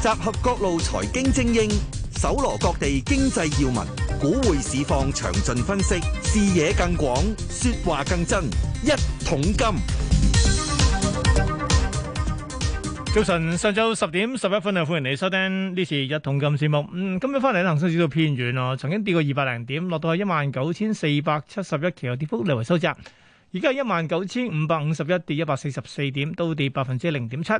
集合各路財經精英，搜羅各地經濟要聞，股匯市況詳盡分析，視野更廣，說話更真。一桶金，早晨，上晝十點十一分啊！歡迎你收聽呢次一桶金節目。嗯，今日翻嚟嘅恒生市道偏軟哦，曾經跌過二百零點，落到去一萬九千四百七十一期，有跌幅略為收窄。而家係一萬九千五百五十一，跌一百四十四點，都跌百分之零點七。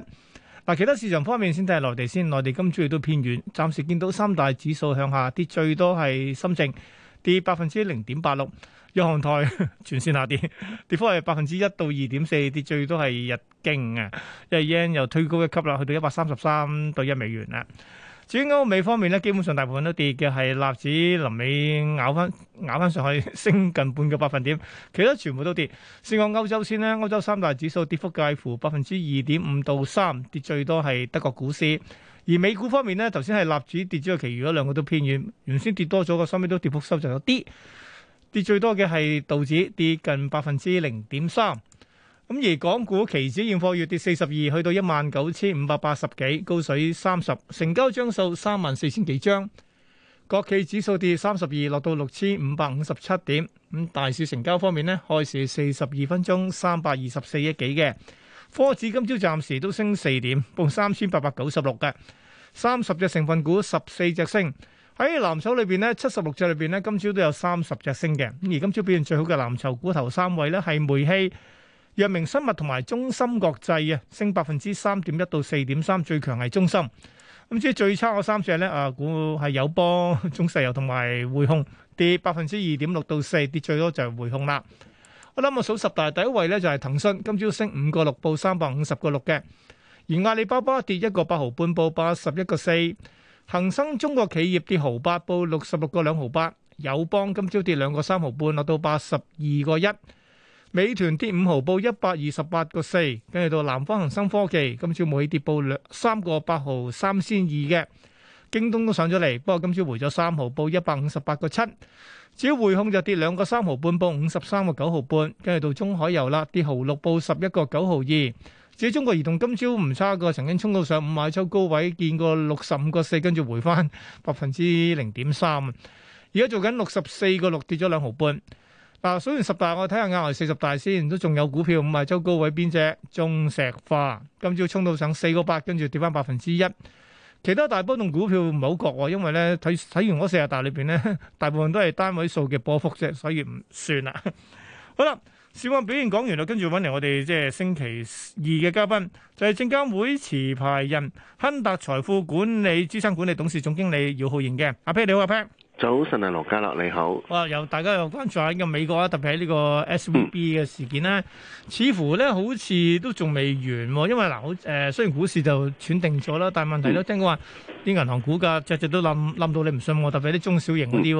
嗱，其他市場方面先睇內地先，內地今朝亦都偏軟，暫時見到三大指數向下，跌最多係深證，跌百分之零點八六，央行台 全線下跌，跌幅係百分之一到二點四，跌最多係日經啊，因為日圓又推高一級啦，去到一百三十三對一美元啦。至於歐美方面咧，基本上大部分都跌嘅，係納指，臨尾咬翻咬翻上去， 升近半個百分點。其他全部都跌。先講歐洲先咧，歐洲三大指數跌幅介乎百分之二點五到三，跌最多係德國股市。而美股方面咧，頭先係納指跌咗，其餘嗰兩個都偏軟。原先跌多咗嘅，收尾都跌幅收窄咗啲。跌最多嘅係道指跌近百分之零點三。咁而港股期指現貨月跌四十二，去到一萬九千五百八十幾，高水三十，成交張數三萬四千幾張。國企指數跌三十二，落到六千五百五十七點。咁大市成交方面咧，開市四十二分鐘三百二十四億幾嘅。科指今朝暫時都升四點，報三千八百九十六嘅三十隻成分股，十四隻升喺藍籌裏邊呢，七十六隻裏邊呢，今朝都有三十隻升嘅。而今朝表現最好嘅藍籌股頭三位呢，係煤氣。藥明生物同埋中芯國際啊，升百分之三點一到四點三，最強係中芯。咁即係最差嗰三隻咧，啊股係友邦、中石油同埋匯控，跌百分之二點六到四，跌最多就係匯控啦。我諗我數十大第一位咧就係騰訊，今朝升五個六，報三百五十個六嘅。而阿里巴巴跌一個八毫半，報八十一個四。恒生中國企業跌毫八，報六十六個兩毫八。友邦今朝跌兩個三毫半，落到八十二個一。美團跌五毫，報一百二十八個四。跟住到南方恒生科技，今朝冇起跌，報兩三個八毫，三先二嘅。京東都上咗嚟，不過今朝回咗三毫，報一百五十八個七。至於匯控就跌兩個三毫半，報五十三個九毫半。跟住到中海油啦，跌毫六，報十一個九毫二。至於中國移動，今朝唔差過，曾經衝到上午買秋高位，見過六十五個四，跟住回翻百分之零點三。而家做緊六十四個六，跌咗兩毫半。嗱，數完十大，我睇下額外四十大先，都仲有股票。五十周高位邊隻？中石化今朝衝到上四個八，跟住跌翻百分之一。其他大波動股票唔好覺，因為咧睇睇完嗰四十大裏邊咧，大部分都係單位數嘅波幅啫，所以唔算啦。好啦，市場表現講完啦，跟住揾嚟我哋即係星期二嘅嘉賓，就係證監會持牌人，亨達財富管理資產管理董事總經理姚浩然嘅。阿 Peter 你好，阿 Peter。早晨啊，羅嘉樂你好。哇，又大家又關注下呢個美國啊，特別喺呢個 SVB 嘅事件咧，嗯、似乎咧好似都仲未完喎。因為嗱，好、呃、誒，雖然股市就喘定咗啦，但係問題都聽講話啲銀行股價隻隻都冧冧到你唔信，我特別啲中小型嗰啲，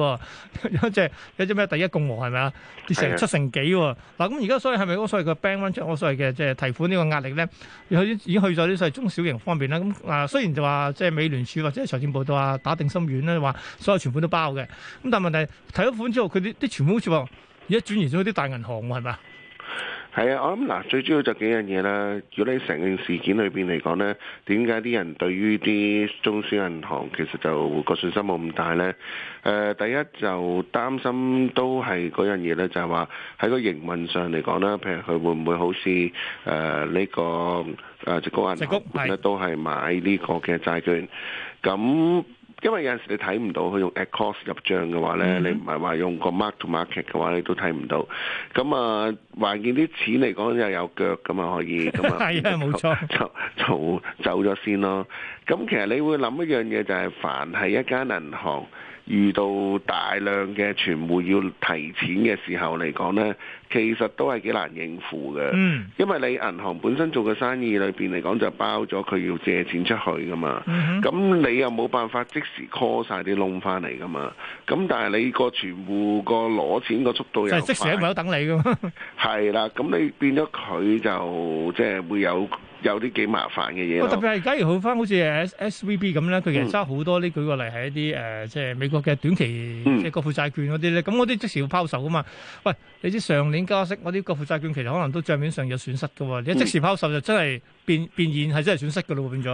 嗯、 有隻有啲咩第一共和係咪啊？跌成七成幾喎？嗱的，咁而家所以係咪嗰個所謂嘅 bank run 出，我所謂嘅即係提款呢個壓力咧，已經去咗啲所謂，所謂中小型方面啦。咁啊，雖然就話即係美聯儲或者財政部都話打定心丸咧，話所有存款都包。嘅，咁但係問題睇咗款之後，佢啲啲全部好似話而家轉移咗啲大銀行，係咪？係啊，我諗嗱，最主要就幾樣嘢啦。如果喺成件事件裏邊嚟講咧，點解啲人對於啲中小銀行其實就個信心冇咁大咧？誒，第一就擔心都係嗰樣嘢咧，就係話喺個營運上嚟講咧，譬如佢會唔會好似誒呢個誒矽谷銀行咧都係買呢個嘅債券咁。因為有陣時你睇唔到，佢用 at cost 入帳嘅話咧，你唔係話用個 mark to market 嘅話，你都睇唔到。咁啊，還見啲錢嚟講又有腳咁啊，可以咁啊，係啊，冇錯，就就走咗先咯。咁其實你會諗一樣嘢，就係，就係凡係一間銀行。遇到大量嘅存戶要提錢嘅時候嚟講呢，其實都係幾難應付嘅。嗯，因為你銀行本身做嘅生意裏邊嚟講就包咗佢要借錢出去噶嘛。嗯，咁你又冇辦法即時 call 晒啲窿翻嚟噶嘛？咁但係你個存戶個攞錢個速度又即時唔有等你噶嘛？係 啦，咁你變咗佢就即係、就是、會有。有啲幾麻煩嘅嘢，我特別係假如佢翻好似 SVB 咁咧，佢其實揸好多呢，舉個例係一啲誒，即係美國嘅短期即係國庫債券嗰啲咧，咁嗰啲即時要拋售噶嘛？喂，你知上年加息，嗰啲國庫債券其實可能都帳面上有損失噶喎，你即時拋售就真係變變現係真係損失噶咯變咗。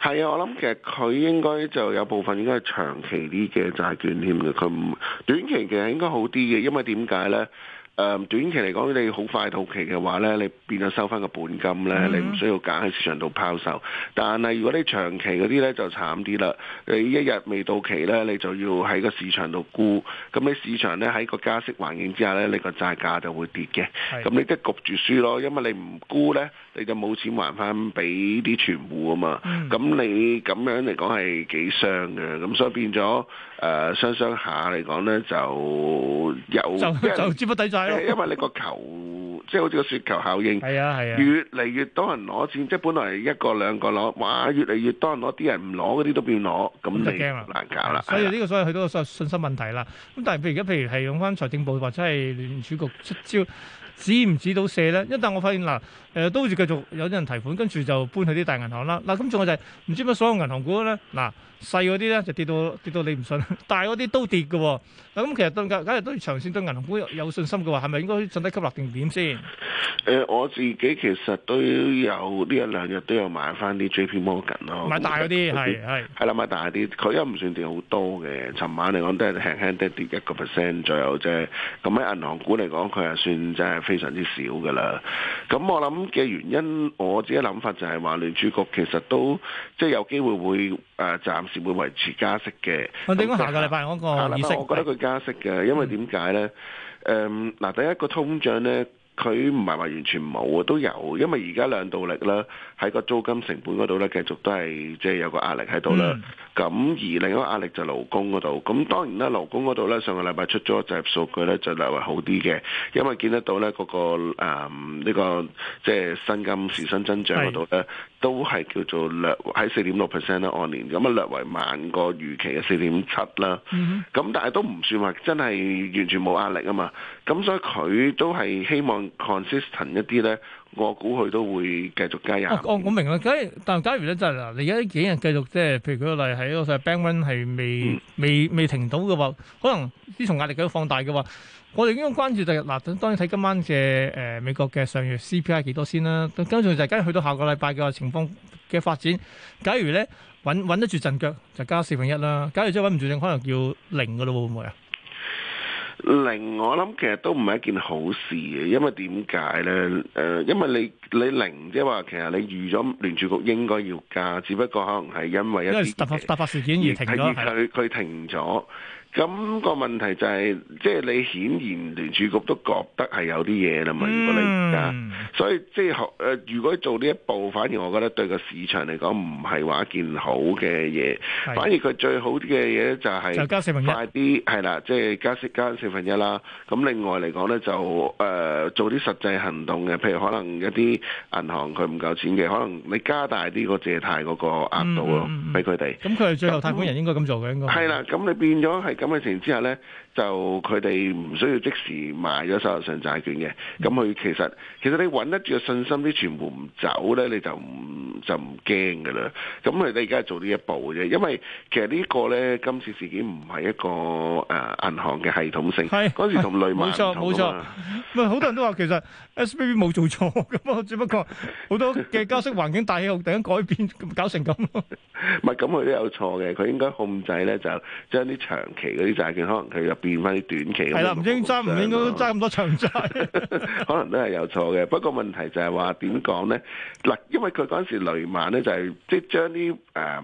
係啊，我諗其實佢應該就有部分應該係長期啲嘅債券添嘅，佢唔短期其實應該好啲嘅，因為點解咧？誒、uh huh. 短期嚟講，你好快到期嘅話咧，你變咗收翻個本金咧，你唔需要揀喺市場度拋售。但係如果你長期嗰啲咧，就慘啲啦。你一日未到期咧，你就要喺個市場度沽。咁你市場咧，喺個加息環境之下咧，你個債價就會跌嘅。咁的你即係焗住輸咯，因為你唔沽咧。你就冇錢還翻俾啲存戶啊嘛，咁、嗯、你咁樣嚟講係幾傷嘅，咁所以變咗誒、呃、雙雙下嚟講咧就有就就資不抵債咯，因為你個球即係 好似個雪球效應，係啊係啊，越嚟越多人攞錢，即係本來一個兩個攞，哇！越嚟越多人攞，啲人唔攞嗰啲都變攞，咁就驚啦，難搞啦。所以呢個所以佢嗰個信信心問題啦。咁 但係譬如而家譬如係用翻財政部或者係聯儲局出招，指唔指到射咧？一旦我發現嗱。誒、呃、都好似繼續有啲人提款，跟住就搬去啲大銀行啦。嗱、啊，咁仲有就係、是、唔知乜所有銀行股咧，嗱細嗰啲咧就跌到跌到你唔信，大嗰啲都跌嘅。嗱、啊，咁其實都長線對銀行股有，有信心嘅話，係咪應該進一步吸納定點先？誒、呃，我自己其實都有呢一兩日都有買翻啲 JP Morgan 咯，買大嗰啲係係係啦，買大啲，佢又唔算跌好多嘅。尋晚嚟講都係輕輕地跌一個 percent 左右啫。咁喺銀行股嚟講來，佢係算真係非常之少嘅啦。咁我諗。嘅原因，我自己諗法就係、是、話，聯儲局其實都即係、就是、有機會會誒暫、呃、時會維持加息嘅。我哋講下個禮拜嗰個議息、啊、我覺得佢加息嘅，因為點解咧？誒、嗯、嗱、嗯啊，第一個通脹咧。佢唔係話完全冇啊，都有，因為而家兩道力啦，喺個租金成本嗰度咧，繼續都係即係有個壓力喺度啦。咁、嗯、而另一個壓力就勞工嗰度。咁當然啦，勞工嗰度咧，上個禮拜出咗集數據咧，就略為好啲嘅，因為見得到咧、那、嗰個呢、嗯呢個即係薪金時薪增長嗰度咧。都係叫做略喺四點六 percent 啦，按年咁啊，略為慢過預期嘅四點七啦。咁、mm hmm. 但係都唔算話真係完全冇壓力啊嘛。咁所以佢都係希望 consistent 一啲咧。我估佢都會繼續加壓、啊。我我明啦。咁但係假如咧就嗱，而家啲嘢繼續即係，譬如舉個例喺嗰個所謂 bank run 係未、mm hmm. 未未停到嘅話，可能呢種壓力繼續放大嘅話。我哋應該關注就係嗱，當然睇今晚嘅誒美國嘅上月 CPI 幾多先啦。跟住就係跟住去到下個禮拜嘅情況嘅發展。假如咧揾揾得住陣腳，就加四分一啦。假如真係揾唔住，可能要零㗎咯，會唔會啊？零，我諗其實都唔係一件好事嘅，因為點解咧？誒，因為你你零即係話，其實你預咗聯儲局應該要加，只不過可能係因為因為突發突發事件而停咗。佢佢停咗。咁個問題就係，即係你顯然聯儲局都覺得係有啲嘢啦嘛。如果你而家，所以即係學誒，如果做呢一步，反而我覺得對個市場嚟講唔係話一件好嘅嘢。反而佢最好嘅嘢就係加四分一，快啲係啦。即係加息加四分一啦。咁另外嚟講咧，就誒做啲實際行動嘅，譬如可能一啲銀行佢唔夠錢嘅，可能你加大啲個借貸嗰個額度咯，俾佢哋。咁佢係最後貸款人應該咁做嘅應該。係啦，咁你變咗係。咁嘅情形之下咧。 就佢哋唔需要即時賣咗手上債券嘅，咁佢其實其實你穩得住信心，啲全部唔走咧，你就唔就唔驚㗎啦。咁佢哋而家係做呢一步嘅啫，因為其實個呢個咧今次事件唔係一個誒、啊、銀行嘅系統性，嗰是時同雷曼冇錯冇錯，咪好多人都話其實 SVB 冇做錯咁啊，只不過好多嘅加息環境大氣候突然間改變，搞成咁。唔係咁佢都有錯嘅，佢應該控制咧就將啲長期嗰啲債券可能佢變翻啲短期係啦，唔應該爭，唔應該爭咁多長債， 可能都係有錯嘅。不過問題就係話點講咧？嗱，因為佢嗰陣時雷曼咧就係、是、即、就是、將啲誒。呃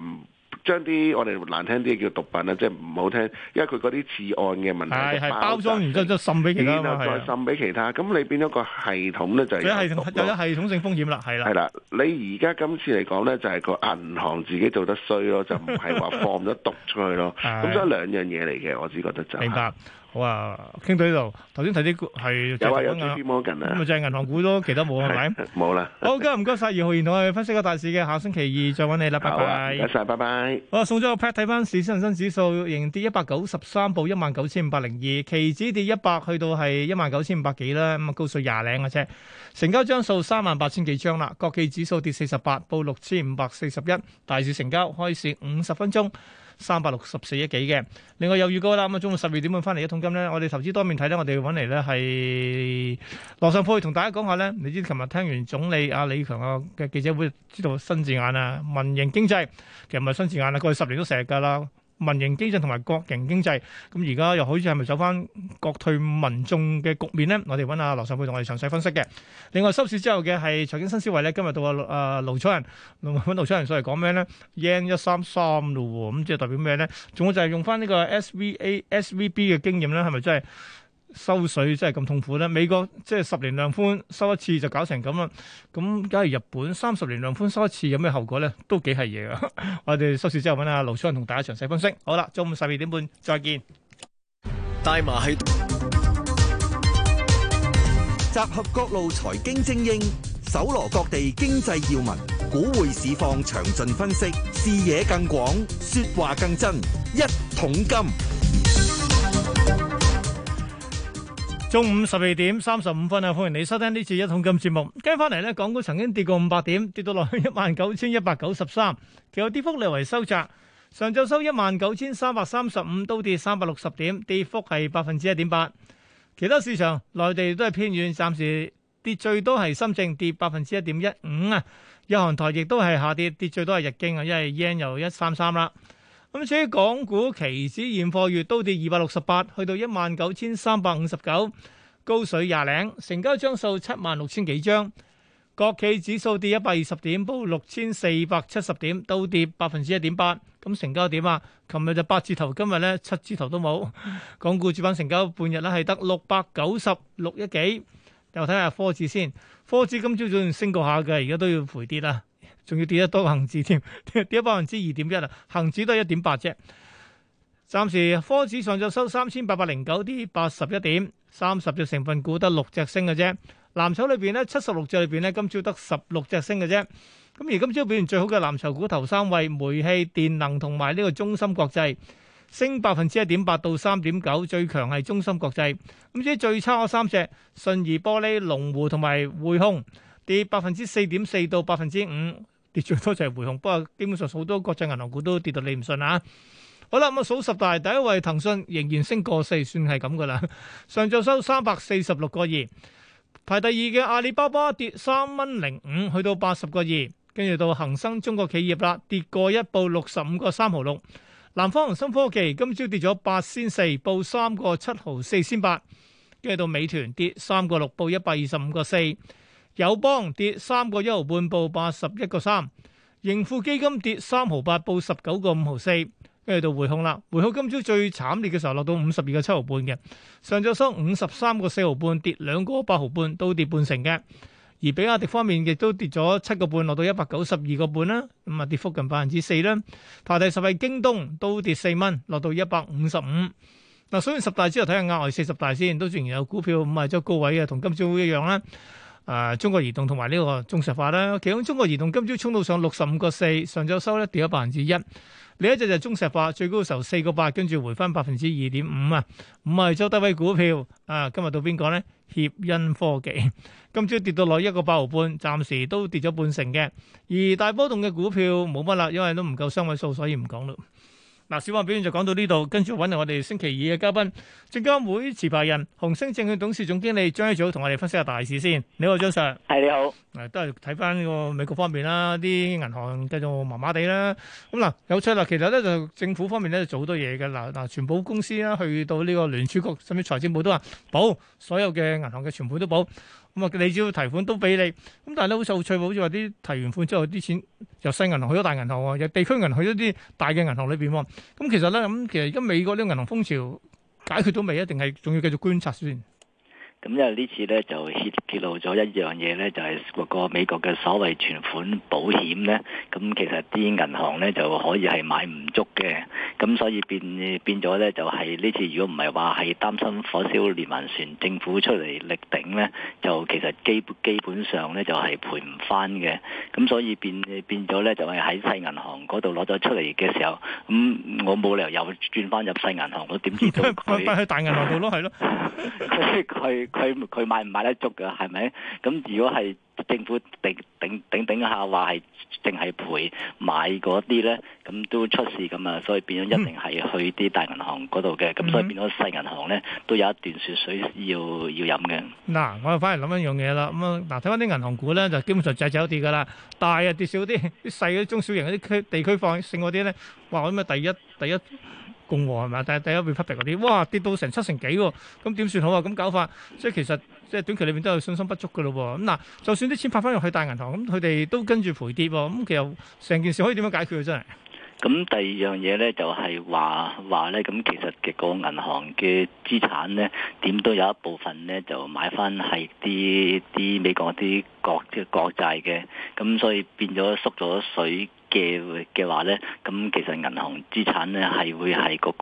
將啲我哋難聽啲叫毒品啦，即係唔好聽，因為佢嗰啲次按嘅問題，係包裝完之後就是、滲俾其他，啊、再滲俾其他，咁的你變咗個系統咧就係，就是、有係有咗系統性風險啦，係啦，係啦，你而家今次嚟講咧就係個銀行自己做得衰咯， 就唔係話放咗毒出去咯，咁 的所以兩樣嘢嚟嘅，我只覺得就明白。好啊，傾到呢度，頭先睇啲係，就話有至尊摩根啊，咁啊，就係銀行股咯，其他冇係咪？冇啦。好，今日唔該晒葉浩然同我去分析個大市嘅，下星期二再揾你啦 拜，拜拜。唔該晒拜拜。好，送咗個 pad 睇翻市，恒生指數仍跌一百九十三，報一萬九千五百零二，期指跌一百，去到係一萬九千五百幾啦，咁啊，高水廿零嘅啫。成交張數三萬八千幾張啦，國企指數跌四十八，報六千五百四十一，大市成交開市五十分鐘。三百六十四億幾嘅，另外有預告啦。咁啊，中午十二點半翻嚟一桶金咧，我哋投資多面睇咧，我哋揾嚟咧係羅上波同大家講下咧。你知琴日聽完總理阿李強嘅記者會，知道新字眼啊，民營經濟其實唔係新字眼啊，過去十年都成日噶啦。民營經濟同埋國營經濟，咁而家又好似係咪走翻國退民進嘅局面咧？我哋揾阿羅尚沛同我哋詳細分析嘅。另外收市之後嘅係財經新思維咧，今日到阿阿盧楚仁，盧芬盧楚仁，上嚟講咩咧？yen 一三三咯，咁即係代表咩咧？仲要就係用翻呢個 SVA、SVB 嘅經驗咧，係咪真係？收水真係咁痛苦咧！美國即係十年量寬收一次就搞成咁啦，咁假如日本三十年量寬收一次有咩後果咧？都幾係嘢噶！我哋收市之後搵下盧昌同大家詳細分析。好啦，中午十二點半再見。大麻係集合各路財經精英，搜羅各地經濟要聞、股匯市況，詳盡分析，視野更廣，説話更真，一桶金。中午十二點三十五分啊，歡迎你收聽呢次一桶金節目。跟翻嚟咧，港股曾經跌過五百點，跌到落去一萬九千一百九十三，其後跌幅略為收窄。上晝收一萬九千三百三十五，都跌三百六十點，跌幅係百分之一點八。其他市場，內地都係偏軟，暫時跌最多係深圳跌百分之一點一五啊。日韓台亦都係下跌，跌最多係日經啊，因為 yen 由一三三啦。咁至於港股期指現貨月都跌二百六十八，去到一萬九千三百五十九，高水廿零，成交張數七萬六千幾張。國企指數跌一百二十點，報六千四百七十點，都跌百分之一點八。咁成交點啊？琴日就八字頭，今日咧七字頭都冇。港股主板成交半日啦，係得六百九十六億幾。又睇下科指先，科指今朝早升過下嘅，而家都要回跌啦。仲要跌得多過恒指添， 跌咗百分之二點一啊！恒指都得一點八啫。暫時科指上就收三千八百零九，跌八十一點，三十隻成分股得六隻升嘅啫。藍籌裏邊咧，七十六隻裏邊咧，今朝得十六隻升嘅啫。咁而今朝表現最好嘅藍籌股頭三位，煤氣、電能同埋呢個中芯國際，升百分之一點八到三點九，最強係中芯國際。咁至於最差三隻，信義玻璃、龍湖同埋匯控。跌百分之四點四到百分之五，跌最多就係滙控。不過基本上好多國際銀行股都跌到你唔信啊。好啦，咁數十大第一位騰訊仍然升過四，算係咁噶啦。上晝收三百四十六個二，排第二嘅阿里巴巴跌三蚊零五，去到八十個二，跟住到恒生中國企業啦，跌過一，報六十五個三毫六，南方恒生科技今朝跌咗八仙四，報三個七毫四仙八，跟住到美團跌三個六，報一百二十五個四。友邦跌三個一毫半，報八十一個三；盈富基金跌三毫八，報十九個五毫四。跟住到匯控啦，匯控今朝最慘烈嘅時候，落到五十二個七毫半嘅。上晝收五十三個四毫半，跌兩個八毫半，都跌半成嘅。而比亞迪方面亦都跌咗七個半，落到一百九十二個半啦，咁啊跌幅近百分之四啦。排第十位，京東，都跌四蚊，落到一百五十五。嗱，數完十大之後睇下額外四十大先，都仍然有股票唔係咗高位嘅，同今朝一樣啦。啊！中國移動同埋呢個中石化啦，其中中國移動今朝衝到上六十五個四，上晝收咧跌咗百分之一。另一隻就係中石化，最高嘅時候四個八，跟住回翻百分之二點五啊。唔係周德威股票，啊，今日到邊個咧？協鑫科技今朝跌到落一個八毫半，暫時都跌咗半成嘅。而大波動嘅股票冇乜啦，因為都唔夠雙位數，所以唔講咯。嗱、啊，小華表演就講到呢度，跟住揾嚟我哋星期二嘅嘉賓，證監會持牌人、紅星證券董事總經理張一祖同我哋分析下大事先。你好，張 sir。係，你好。嗱、啊，都係睇翻呢個美國方面啦，啲銀行繼續麻麻地啦。咁、嗯、嗱、啊，有趣啦。其實咧就政府方面咧做好多嘢嘅。嗱、啊、嗱，全部公司啦，去到呢個聯儲局甚至財政部都話保，所有嘅銀行嘅全部都保。咁啊，你只要提款都俾你，咁但係咧好受趣，好似話啲提完款之後啲錢由細銀行去咗大銀行喎，由地區銀行去咗啲大嘅銀行裏邊喎。咁、嗯、其實咧，咁、嗯、其實而家美國啲銀行風潮解決到未？一定係仲要繼續觀察先？咁因為呢次咧就揭露咗一樣嘢咧，就係個美國嘅所謂存款保險咧，咁其實啲銀行咧就可以係買唔足嘅，咁所以變變咗咧就係呢次如果唔係話係擔心火燒連環船，政府出嚟力頂咧，就其實基基本上咧就係賠唔翻嘅，咁所以變變咗咧就係喺細銀行嗰度攞咗出嚟嘅時候，咁我冇理由又轉翻入細銀行，我點知佢？佢佢 喺大銀行度咯，係咯，佢。佢佢買唔買得足嘅係咪？咁如果係政府頂頂，頂頂頂下話係淨係賠買嗰啲咧，咁都出事咁啊，所以變咗一定係去啲大銀行嗰度嘅，咁、嗯、所以變咗細銀行咧都有一段雪水，水要要飲嘅。嗱、啊，我哋翻嚟諗一樣嘢啦，咁啊嗱，睇翻啲銀行股咧，就基本上隻隻都跌嘅啦，大啊跌少啲，啲細嗰啲中小型嗰啲區地區放性嗰啲咧，哇！咁啊第一第一。第一第一共和係嘛？但係第一 Republic 嗰啲，哇跌到成七成幾喎，咁點算好啊？咁搞法，即係其實即係短期裏面都有信心不足嘅咯喎。咁嗱，就算啲錢發翻入去大銀行，咁佢哋都跟住賠跌喎。咁其實成件事可以點樣解決嘅真係？咁第二樣嘢咧就係話話咧，咁其實嘅個銀行嘅資產咧，點都有一部分咧就買翻係啲啲美國啲國即係國債嘅，咁所以變咗縮咗水。嘅嘅話咧，咁其實銀行資產咧係會係個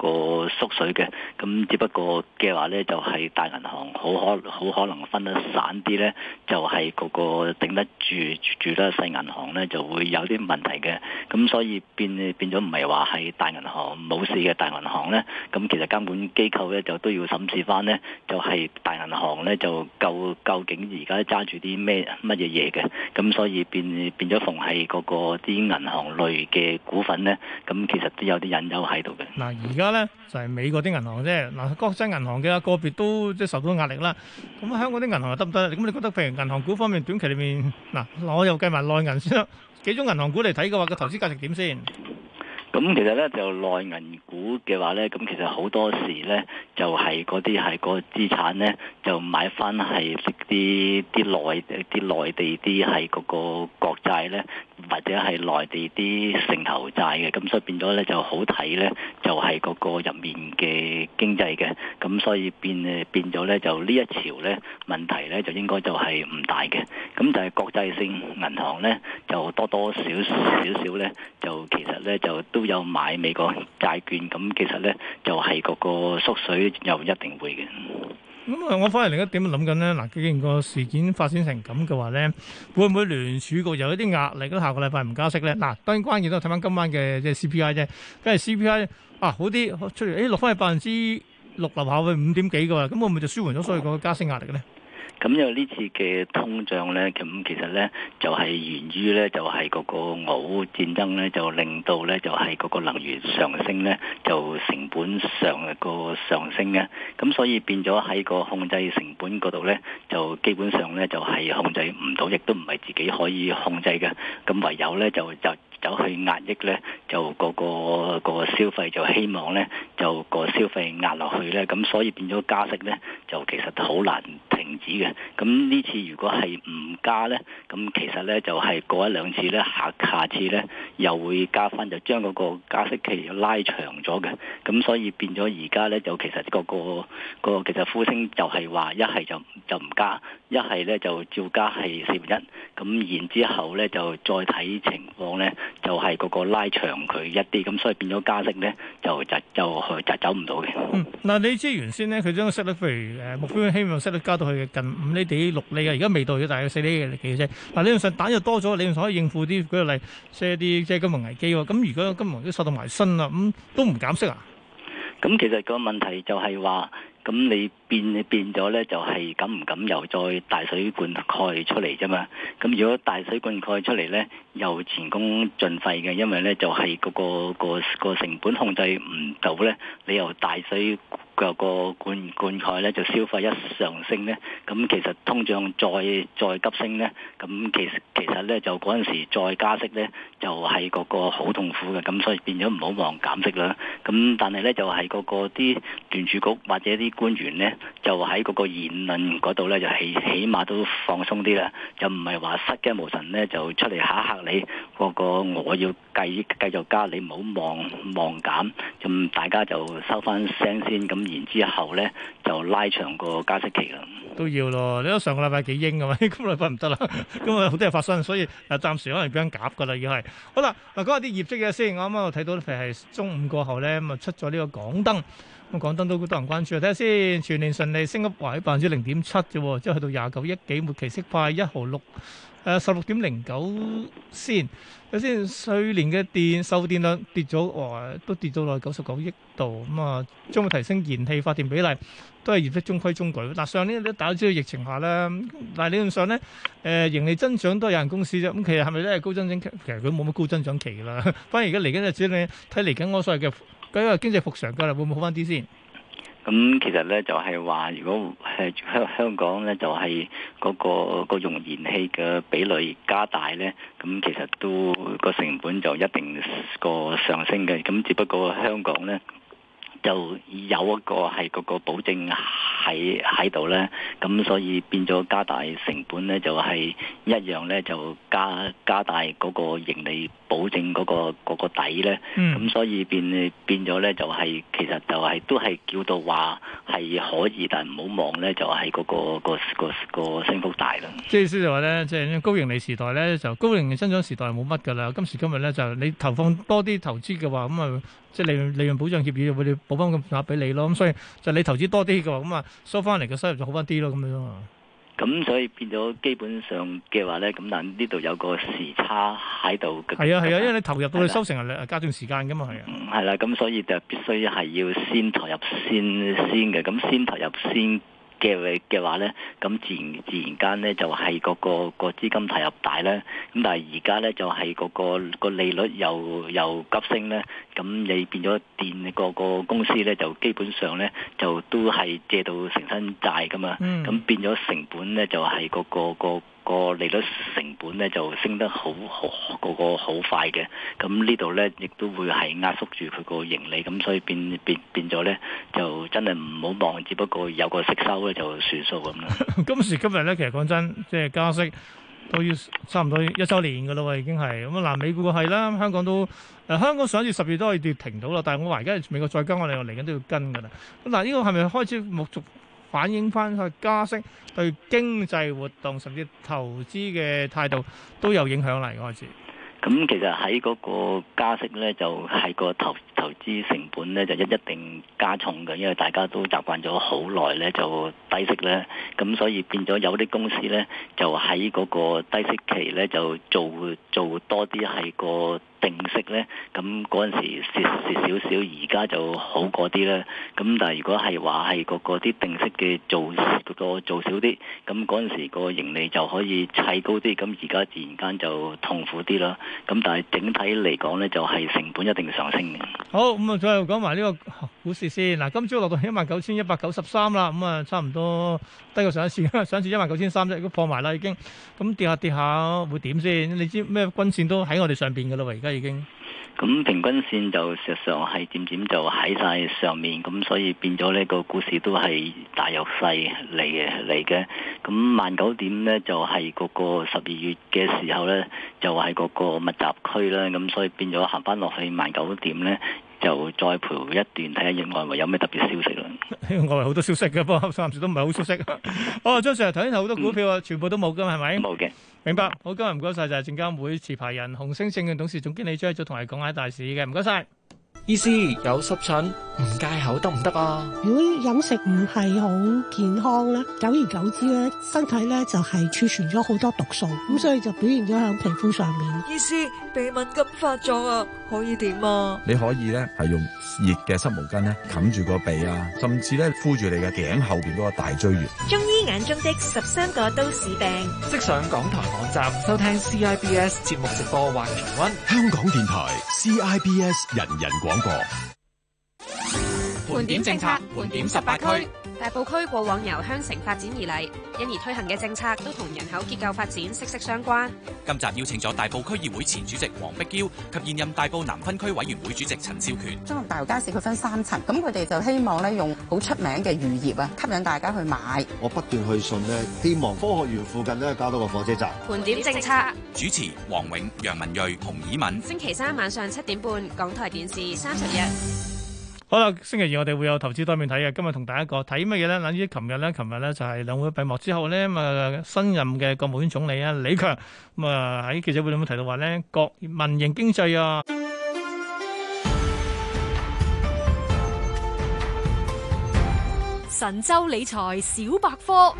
縮水嘅，咁只不過嘅話咧就係大銀行好可好可能分得散啲咧，就係個頂得住住得細銀行咧就會有啲問題嘅，咁所以變變咗唔係話係大銀行冇事嘅大銀行咧，咁其實監管機構咧就都要審視翻咧，就係大銀行咧就究究竟而家揸住啲咩乜嘢嘢嘅，咁所以變變咗逢係個啲銀行類嘅股份咧，咁其實都有啲隱憂喺度嘅。嗱，而家咧就係美國啲銀行啫。嗱，國際銀行嘅個別都即係受到壓力啦。咁香港啲銀行又得唔得咧？咁你覺得譬如銀行股方面短期裏面，嗱，我又計埋內銀先啦。幾種銀行股嚟睇嘅話，個投資價值點先？咁其實咧就內銀股嘅話咧，咁其實好多時咧就係嗰啲係個資產咧就買翻係啲啲內啲內地啲係嗰個國債咧。或者係內地啲城投債嘅，咁所以變咗咧就好睇咧，就係、是、嗰個入面嘅經濟嘅，咁所以變變咗咧就呢一潮咧問題咧就應該就係唔大嘅，咁就係國際性銀行咧就多多少少少咧就其實咧就都有買美國債券，咁其實咧就係、是、嗰個縮水又一定會嘅。咁啊、嗯，我反而另一點諗緊咧，嗱，既然個事件發展成咁嘅話咧，會唔會聯儲局有一啲壓力咧？下個禮拜唔加息咧？嗱，當然關鍵都係睇翻今晚嘅即係 CPI 啫。假如 CPI 啊好啲出嚟，誒落翻去百分之六立下去五點幾嘅話，咁會唔會就舒緩咗所以個加息壓力咧？咁因為呢次嘅通脹咧，咁其實咧就係源於咧，就係嗰個俄烏戰爭咧，就令到咧就係嗰個能源上升咧，就成本上個上升嘅。咁所以變咗喺個控制成本嗰度咧，就基本上咧就係控制唔到，亦都唔係自己可以控制嘅。咁唯有咧就就，就走去壓抑呢，就個個消費就希望呢，就個消費壓落去呢。咁所以變咗加息呢，就其實好難停止嘅。咁呢次如果係唔加呢，咁其實呢，就係過一兩次呢，下下次呢，又會加翻，就將嗰個加息期拉長咗嘅。咁所以變咗而家呢，就其實個個個其實呼聲就係話，一係就就唔加。一係咧就照加係四分一，咁然之後咧就再睇情況咧，就係嗰個拉長佢一啲，咁所以變咗加息咧就就就就走唔到嘅。嗱，你知原先咧佢將個息率，譬如誒目標希望息率加到去近五釐點六釐嘅，而家未到嘅，大概四釐嘅利息。嗱，你用上蛋又多咗，你用上可以應付啲嗰個例，一啲即係金融危機喎。咁如果金融都受到埋身啦，咁都唔減息啊？咁其實個問題就係話。咁你變，你變咗咧，就係敢唔敢又再大水灌溉出嚟啫嘛？咁如果大水灌溉出嚟咧，又前功盡廢嘅，因為咧就係嗰個、嗰個、嗰個成本控制唔到咧，你又大水。個個罐罐咧就消費一上升咧，咁其實通脹再再急升咧，咁其實其實咧就嗰陣時再加息咧，就係、是、個個好痛苦嘅，咁所以變咗唔好望減息啦。咁但係咧就係、是、個個啲聯儲局或者啲官員咧，就喺嗰個言論嗰度咧，就起起碼都放鬆啲啦，就唔係話失驚無神咧，就出嚟嚇一嚇你。個、那個我要繼繼續加，你唔好望望減，咁大家就收翻聲先咁。然之後咧，就拉長個加息期啦。都要咯，你都上個禮拜幾英嘅嘛？今禮拜唔得啦，因為好多嘢發生，所以啊，暫時可能俾人夾嘅啦，要係。好啦，嗱，講下啲業績嘅先。剛剛我啱啱我睇到，譬如係中午過後咧，咪出咗呢個港燈。咁港燈都好多人關注啊，睇下先。全年順利升咗百分之零點七啫，即係去到廿九億幾，末期息派一毫六。誒，十六點零九先。首先，去年嘅電售電量跌咗，哇，都跌到落九十九億度。咁、嗯、啊，將會提升燃氣發電比例，都係業績中規中矩。嗱、啊，上年都大家知道疫情下啦。但係理論上咧，誒、呃、盈利增長都係有限公司啫。咁其實係咪都係高增長期？其實佢冇乜高增長期噶啦。反而而家嚟緊就主要睇嚟緊我所謂嘅嗰個經濟復常噶啦，會唔會好翻啲先？咁其實咧就係話，如果係香香港咧，就係嗰個用燃氣嘅比例加大咧，咁其實都個成本就一定個上升嘅。咁只不過香港咧就有一個係嗰個保證喺喺度咧，咁所以變咗加大成本咧就係一樣咧，就加加大嗰個盈利。保證嗰、那個、那個底咧，咁、嗯、所以變變咗咧就係、是，其實就係、是、都係叫到話係可以，但係唔好望咧就係嗰、那個、那個、那個、那個升幅、那個那個、大啦。即係意思呢就話咧，即係高盈利時代咧就高盈利增長時代冇乜噶啦。今時今日咧就是、你投放多啲投資嘅話，咁啊即係利利潤保障協議會補翻個金額俾你咯。咁所以就你投資多啲嘅話，咁啊收翻嚟嘅收入就好翻啲咯，咁樣咯，咯。咁所以變咗基本上嘅話咧，咁但呢度有個時差喺度嘅。係啊係啊，因為你投入到去收成係加段時間㗎嘛係啊。係啦、嗯，咁、啊、所以就必須係要先投入先先嘅，咁先投入先。嘅嘅話咧，咁自然自然間咧就係、個個個個資金投入大啦。咁但係而家咧就係、個個個利率又又急升咧，咁你變咗電、個個、個個公司咧就基本上咧就都係借到成身債噶嘛，咁變咗成本咧就係個個個。個個個利率成本咧就升得好好嗰個好快嘅，咁呢度咧亦都會係壓縮住佢個盈利，咁所以變變變咗咧就真係唔好望，只不過有個息收咧就算數咁啦。今時今日咧，其實講真，即係加息都要差唔多一週年噶啦，已經係咁啊！嗱，美股係啦，香港都誒香港上月十月都可以跌停到啦，但係我話而家美國再跟，我哋又嚟緊都要跟㗎啦。嗱，呢個係咪開始陸續？反映翻去加息對經濟活動甚至投資嘅態度都有影響嚟，開始。咁其實喺嗰個加息咧，就係個投投資成本咧，就一一定加重嘅，因為大家都習慣咗好耐咧，就低息咧，咁所以變咗有啲公司咧，就喺嗰個低息期咧，就做做。多啲係個定息呢，咁嗰陣時蝕蝕少少，而家就好過啲啦。咁但係如果係話係個個啲定息嘅做個，個做少啲，咁嗰陣時個盈利就可以砌高啲，咁而家自然間就痛苦啲啦。咁但係整體嚟講呢，就係、是、成本一定上升嘅。好，咁啊，再講埋呢、這個。股市先嗱，今朝落到一萬九千一百九十三啦，咁啊差唔多低過上一次，上一次一萬九千三啫，如果破埋啦已經，咁跌下跌下會點先？你知咩均線都喺我哋上邊嘅啦嘛？而家已經咁平均線就事實上係漸漸就喺晒上面，咁所以變咗呢個股市都係大弱勢嚟嘅嚟嘅。咁萬九點咧就係嗰個十二月嘅時候咧，就喺嗰個密集區啦，咁所以變咗行翻落去萬九點咧。就再陪一段，睇下外圍有咩特別消息咯。外 圍好多消息嘅，不過暫時都唔係好消息。我 話、哦、張 Sir 日頭先好多股票啊，嗯、全部都冇嘅，係咪？冇嘅的，明白。好，今日唔該晒，就係證監會持牌人、紅星證券嘅董事總經理張叔同你講下大市嘅，唔該晒。醫師，有濕疹，唔戒口得唔得啊？如果飲食唔係好健康咧，久而久之咧，身體咧就係儲存咗好多毒素，咁所以就表現咗喺皮膚上面。醫師，鼻敏感發作啊，可以點啊？你可以咧係用熱嘅濕毛巾咧冚住個鼻啊，甚至咧敷住你嘅頸後邊嗰個大椎穴。中醫眼中的十三個都市病，即上港台網站收聽 CIBS 節目直播或重温香港電台 CIBS 人人廣盤點政策，盤點十八區。大埔區過往由鄉城發展而嚟，因而推行嘅政策都同人口結構發展息息相關。今集邀請咗大埔區議會前主席黃碧嬌及現任大埔南分區委員會主席陳兆權。作為大埔街市，佢分三層，咁佢哋就希望咧用好出名嘅漁業啊，吸引大家去買。我不斷去信咧，希望科學園附近都咧加多個火車站。盤點政策，主持黃永、楊文鋭、洪以敏。星期三晚上七點半，港台電視三十日。好啦，星期二我哋會有投資多面睇嘅。今日同大家講，睇乜嘢咧？嗱，依啲琴日咧，琴日咧就係兩會閉幕之後咧，咁啊，新任嘅國務院總理啊，李強咁啊，喺記者會裏面提到話咧，國民營經濟啊，神州理財小百科。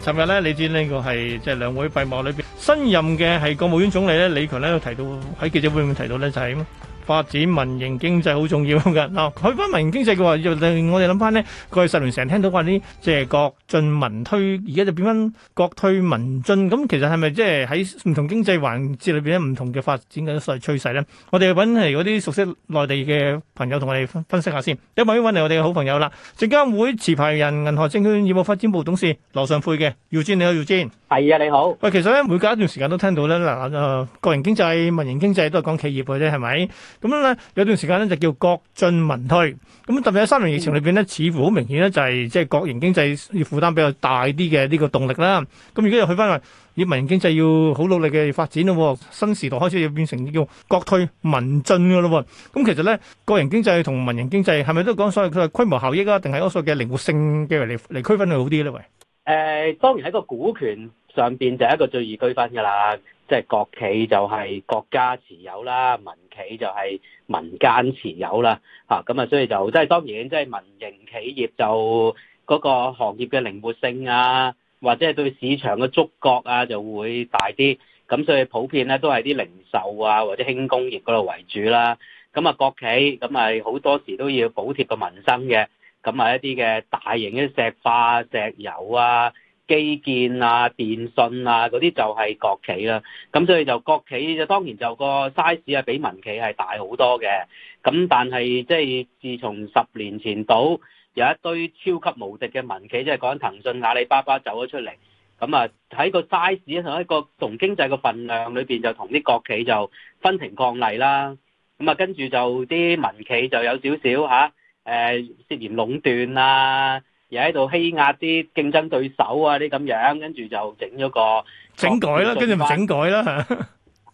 尋日咧，你知呢個係即係兩會閉幕裏邊新任嘅係國務院總理咧，李強咧都提到喺記者會裏面提到咧就係。發展民營經濟好重要㗎嗱，去、哦、翻民營經濟嘅話，又令我哋諗翻咧，過去十年成日聽到話啲即係國進民退，而家就變翻國退民進，咁其實係咪即係喺唔同經濟環節裏邊咧，唔同嘅發展嘅趨勢咧？我哋揾嚟嗰啲熟悉內地嘅朋友同我哋分分析下先。一位蚊揾嚟我哋嘅好朋友啦，證監會持牌人、銀河證券業務發展部董事羅尚佩嘅，姚堅，你好，姚堅。係啊，你好。喂，其實咧，每隔一段時間都聽到咧，嗱、呃，誒，個人經濟、民營經濟都係講企業嘅啫，係咪？咁樣咧，有段時間咧就叫國進民退，咁特別喺三年疫情裏邊咧，似乎好明顯咧就係即係國營經濟要負擔比較大啲嘅呢個動力啦。咁如果又去翻去，以民營經濟要好努力嘅發展咯，新時代開始要變成叫國退民進噶咯，咯。咁其實咧，個人經濟同民營經濟係咪都講所謂佢嘅規模效益啊，定係嗰個所謂嘅靈活性嘅嚟嚟區分佢好啲咧？喂，誒，當然喺個股權。上邊就係一個最易區分㗎啦，即係國企就係國家持有啦，民企就係民間持有啦，嚇咁啊，所以就即係當然，即係民營企業就嗰個行業嘅靈活性啊，或者係對市場嘅觸覺啊，就會大啲。咁所以普遍咧都係啲零售啊或者輕工業嗰度為主啦。咁啊，國企咁咪好多時都要補貼個民生嘅。咁啊，一啲嘅大型嘅石化、石油啊。基建啊、電信啊嗰啲就係國企啦，咁所以就國企就當然就個 size 係比民企係大好多嘅，咁但係即係自從十年前到有一堆超級無敵嘅民企，即係講緊騰訊、阿里巴巴走咗出嚟，咁啊喺個 size 同一個同經濟嘅份量裏邊就同啲國企就分庭抗禮啦，咁啊跟住就啲民企就有少少嚇誒涉嫌壟斷啊。而喺度欺壓啲競爭對手啊，啲咁樣，跟住就整咗個整改啦，跟住整改啦，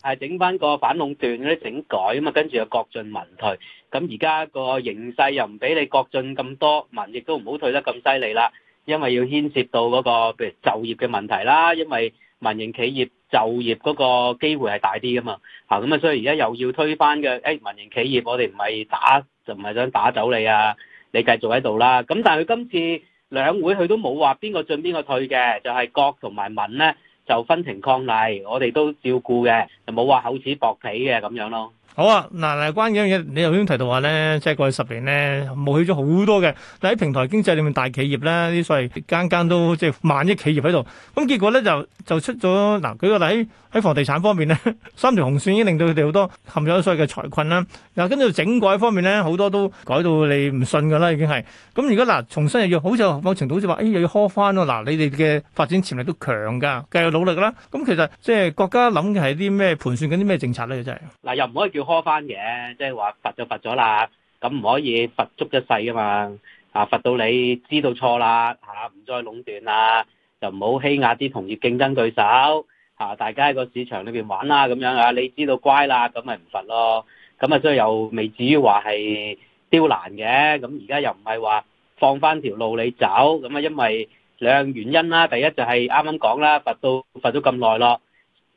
係整翻個反壟斷嗰啲整改啊嘛，跟住又國進民退，咁而家個形勢又唔俾你國進咁多，民亦都唔好退得咁犀利啦，因為要牽涉到嗰個譬如就業嘅問題啦，因為民營企業就業嗰個機會係大啲㗎嘛，嚇咁啊，所以而家又要推翻嘅，誒民營企業，我哋唔係打就唔係想打走你啊，你繼續喺度啦，咁但係佢今次。兩會佢都冇話邊個進邊個退嘅，就係國同埋民咧就分庭抗禮，我哋都照顧嘅，就冇話厚此薄彼嘅咁樣咯。好啊，嗱，關於呢樣嘢，你頭先提到話咧，即係過去十年咧冒起咗好多嘅，但喺平台經濟裏面大企業咧，啲所謂間間都即係萬億企業喺度，咁結果咧就就出咗嗱，舉個例。喺房地產方面咧，三條紅線已經令到佢哋好多陷入咗所謂嘅財困啦。嗱，跟住整改方面咧，好多都改到你唔信㗎啦，已經係。咁而家嗱，重新又要，好似某程度好似話，誒又要 call 返咯。嗱，你哋嘅發展潛力都強㗎，繼續努力㗎啦。咁其實即係國家諗嘅係啲咩盤算緊啲咩政策咧？真係嗱，又唔可以叫 call 返嘅，即係話罰就罰咗啦。咁唔可以罰足一世㗎嘛？啊，罰到你知道錯啦，吓唔再壟斷啦，就唔好欺壓啲同業競爭對手。啊！大家喺個市場裏邊玩啦、啊，咁樣啊，你知道乖啦，咁咪唔罰咯。咁啊，所以又未至於話係刁難嘅。咁而家又唔係話放翻條路你走，咁啊，因為兩樣原因啦、啊。第一就係啱啱講啦，罰到罰咗咁耐咯，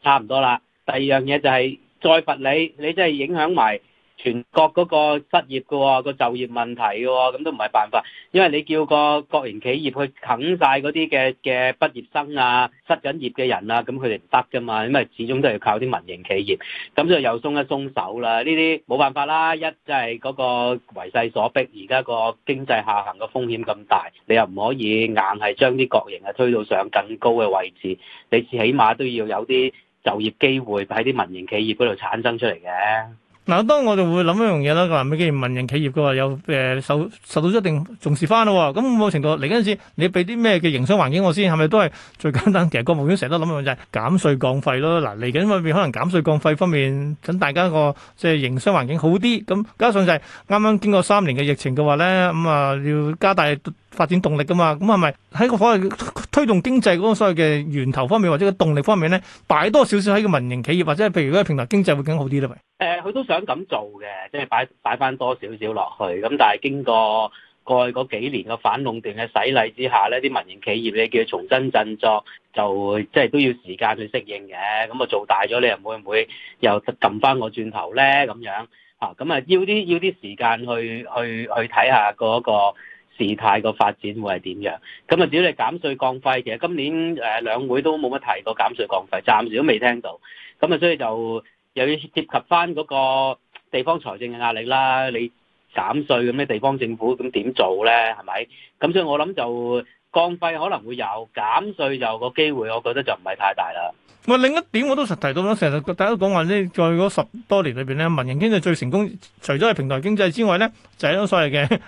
差唔多啦。第二樣嘢就係再罰你，你真係影響埋。全國嗰個失業嘅喎、哦，個就業問題嘅喎、哦，咁都唔係辦法，因為你叫個國營企業去啃晒嗰啲嘅嘅畢業生啊、失緊業嘅人啊，咁佢哋唔得㗎嘛，因為始終都要靠啲民營企業，咁就又鬆一鬆手啦。呢啲冇辦法啦，一即係嗰個為勢所逼，而家個經濟下行嘅風險咁大，你又唔可以硬係將啲國營啊推到上更高嘅位置，你至起碼都要有啲就業機會喺啲民營企業嗰度產生出嚟嘅。嗱，當我就會諗一樣嘢啦。嗱，既然民營企業嘅話，有誒受受到一定重視翻咯，咁某程度嚟緊嗰陣時，你俾啲咩嘅營商環境我先，係咪都係最簡單？其實國務院成日都諗嘅就係減稅降費咯。嗱，嚟緊方面可能減稅降費方面，等大家個即係營商環境好啲，咁加上就係啱啱經過三年嘅疫情嘅話咧，咁啊要加大發展動力噶嘛。咁係咪喺個所謂推動經濟嗰個所謂嘅源頭方面或者個動力方面咧，擺多少少喺個民營企業或者係譬如嗰個平台經濟會更好啲咧？咪誒，佢都想咁做嘅，即係擺擺翻多少少落去，咁但係經過過去嗰幾年嘅反壟斷嘅洗禮之下呢啲民營企業你叫佢重新振作，就即係都要時間去適應嘅。咁、嗯、啊做大咗，你又會唔會又撳翻個轉頭呢？咁樣嚇，咁啊、嗯、要啲要啲時間去去去睇下嗰個事態個發展會係點樣？咁、嗯、啊，只要你減稅降費，其實今年誒、呃、兩會都冇乜提過減稅降費，暫時都未聽到。咁、嗯、啊，所以就。又要涉及翻嗰個地方財政嘅壓力啦，你減稅咁咧，地方政府咁點做咧？係咪？咁所以我諗就降費可能會有，減稅就個機會，我覺得就唔係太大啦。喂，另一點我都實提到啦，成日大家講話咧，喺嗰十多年裏邊咧，民營經濟最成功，除咗係平台經濟之外咧，就係一個所謂嘅。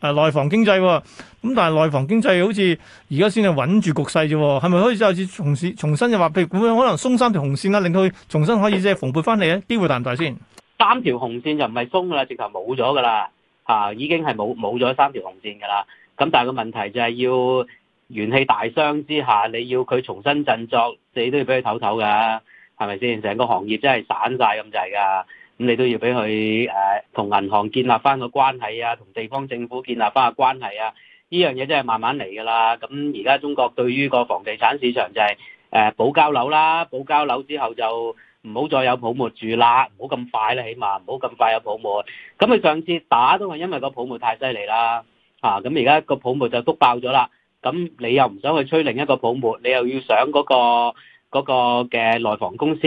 誒、啊、內房經濟喎、哦，咁但係內房經濟好似而家先係穩住局勢啫、哦，係咪可以再次重視重新又話譬如會可能鬆三條紅線啦、啊，令到佢重新可以即係蓬勃翻嚟咧？機會大唔大先？三條紅線就唔係鬆噶啦，直頭冇咗噶啦嚇，已經係冇冇咗三條紅線噶啦。咁但係個問題就係要元氣大傷之下，你要佢重新振作，你都要俾佢唞唞噶，係咪先？成個行業真係散晒咁滯噶。咁你都要俾佢誒同銀行建立翻個關係啊，同地方政府建立翻個關係啊，呢樣嘢真係慢慢嚟㗎啦。咁而家中國對於個房地產市場就係誒保交樓啦，保交樓之後就唔好再有泡沫住啦，唔好咁快啦，起碼唔好咁快有泡沫。咁佢上次打都係因為個泡沫太犀利啦，嚇咁而家個泡沫就篤爆咗啦。咁你又唔想去吹另一個泡沫，你又要想嗰、嗰個嘅、嗰個、內房公司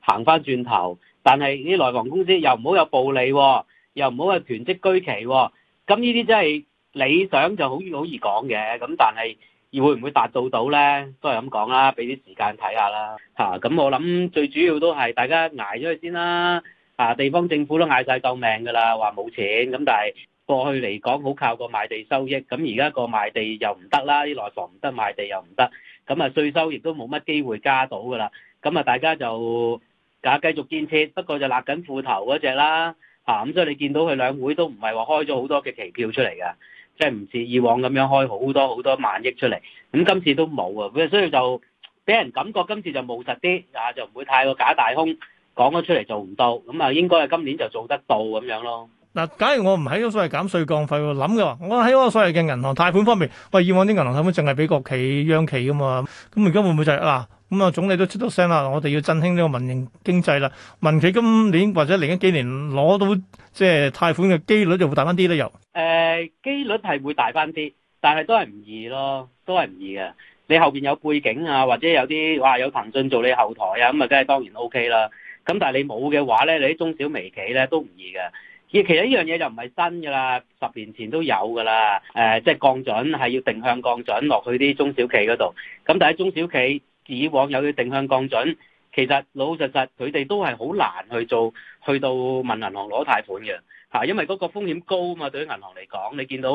行翻轉頭？但係啲內房公司又唔好有暴利，哦，又唔好係囤積居奇，哦，咁呢啲真係理想就好好易講嘅，咁但係會唔會達到到咧？都係咁講啦，俾啲時間睇下啦，吓、啊、咁我諗最主要都係大家挨咗去先啦，吓、啊、地方政府都挨晒救命噶啦，話冇錢，咁但係過去嚟講好靠個賣地收益，咁而家個賣地又唔得啦，啲內房唔得賣地又唔得，咁啊稅收亦都冇乜機會加到噶啦，咁啊大家就。啊！繼續建設，不過就勒緊褲頭嗰隻啦，啊咁，所以你見到佢兩會都唔係話開咗好多嘅期票出嚟嘅，即係唔似以往咁樣開好多好多萬億出嚟，咁、嗯、今次都冇啊，所以就俾人感覺今次就務實啲，啊就唔會太過假大空講咗出嚟做唔到，咁、嗯、啊應該係今年就做得到咁樣咯。嗱、啊，假如我唔喺嗰所謂減稅降費，諗嘅話，我喺嗰個所謂嘅銀行貸款方面，喂，以往啲銀行貸款淨係俾國企、央企㗎嘛？咁而家會唔會就嗱、是？啊咁啊，總理都出到聲啦，我哋要振興呢個民營經濟啦。民企今年或者嚟緊幾年攞到即係貸款嘅機率就會大返啲咧，又？誒，機率係會大返啲，但係都係唔易咯，都係唔易嘅。你後邊有背景啊，或者有啲哇有騰訊做你後台啊，咁啊，梗係當然 OK 啦。咁但係你冇嘅話咧，你啲中小微企咧都唔易嘅。而其實呢樣嘢就唔係新㗎啦，十年前都有㗎啦。誒，即係降準係要定向降準落去啲中小企嗰度。咁但係中小企。以往有啲定向降準，其實老老實實佢哋都係好難去做，去到問銀行攞貸款嘅嚇，因為嗰個風險高嘛。對於銀行嚟講，你見到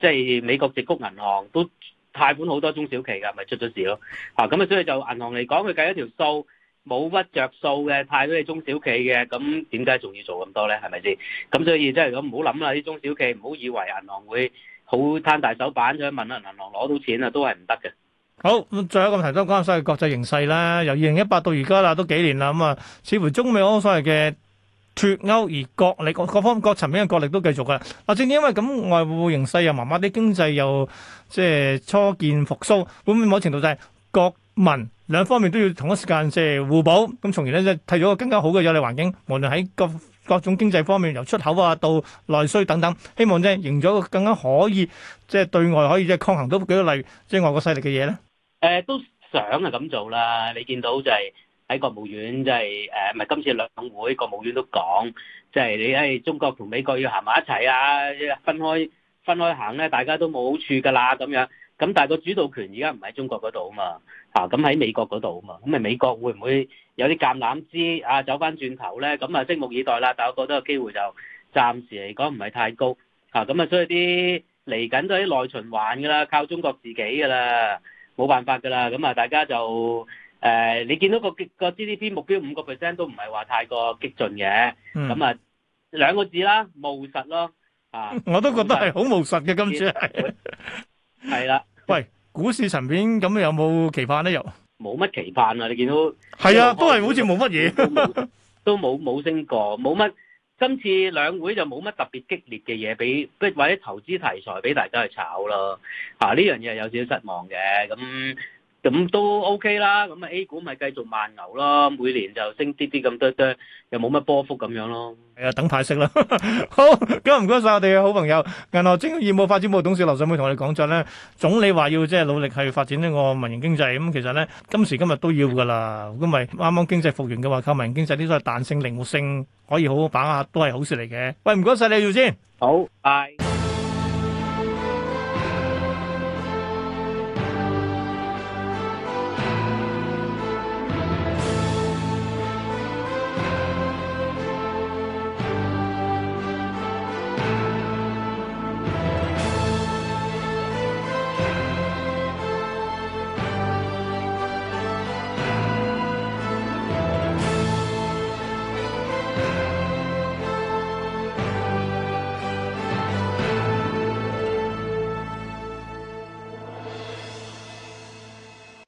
即係美國矽谷銀行都貸款好多中小企㗎，咪出咗事咯嚇。咁啊，所以就銀行嚟講，佢計一條數冇乜著數嘅，貸咗啲中小企嘅，咁點解仲要做咁多咧？係咪先？咁所以即係咁，唔好諗啦，啲中小企唔好以為銀行會好攤大手板，想問下銀行攞到錢啊，都係唔得嘅。好，最後一個問題都講下所謂國際形勢啦。由二零一八到而家啦，都幾年啦。咁啊，似乎中美歐所謂嘅脫歐而國力各各方各層面嘅國力都繼續噶。啊，正正因為咁，外部形勢又麻麻啲，經濟又即係初見復甦，會唔會某程度就係國民兩方面都要同一時間即係互補。咁從而咧，即係睇咗個更加好嘅有利環境，無論喺各各種經濟方面，由出口啊到內需等等，希望即係贏咗個更加可以即係對外可以即係抗衡到幾多例即係外國勢力嘅嘢咧。誒都想係咁做啦！你見到就係喺國務院、就是，即係誒，唔係今次兩會國務院都講，即、就、係、是、你喺、哎、中國同美國要行埋一齊啊分，分開分開行咧，大家都冇好處噶啦咁樣。咁但係個主導權而家唔喺中國嗰度啊嘛，嚇咁喺美國嗰度啊嘛。咁咪美國會唔會有啲橄欖枝啊走翻轉頭咧？咁啊，拭目以待啦。但我覺得個機會就暫時嚟講唔係太高嚇。咁啊，所以啲嚟緊都係啲內循環噶啦，靠中國自己噶啦。冇辦法㗎啦，咁啊大家就誒，你見到個個 GDP 目標五個 percent 都唔係話太過激進嘅，咁啊兩個字啦，務實咯啊！我都覺得係好務實嘅今次，係啦。喂，股市層面咁有冇期盼呢？又冇乜期盼啊！你見到係啊，都係好似冇乜嘢，都冇冇升過，冇乜。今次兩會就冇乜特別激烈嘅嘢俾，或者投資題材俾大家去炒咯，啊呢樣嘢有少少失望嘅咁。咁都 OK 啦，咁啊 A 股咪繼續慢牛咯，每年就升啲啲咁多多，又冇乜波幅咁樣咯。係啊，等派息啦。好，咁啊唔該曬我哋嘅好朋友，銀行證券業務發展部董事劉信偉同我哋講咗咧。總理話要即係努力去發展呢個民營經濟，咁其實咧今時今日都要噶啦。如果唔係啱啱經濟復原嘅話，靠民營經濟呢啲都係彈性靈活性可以好好把握，都係好事嚟嘅。喂，唔該曬你，要先。好，拜。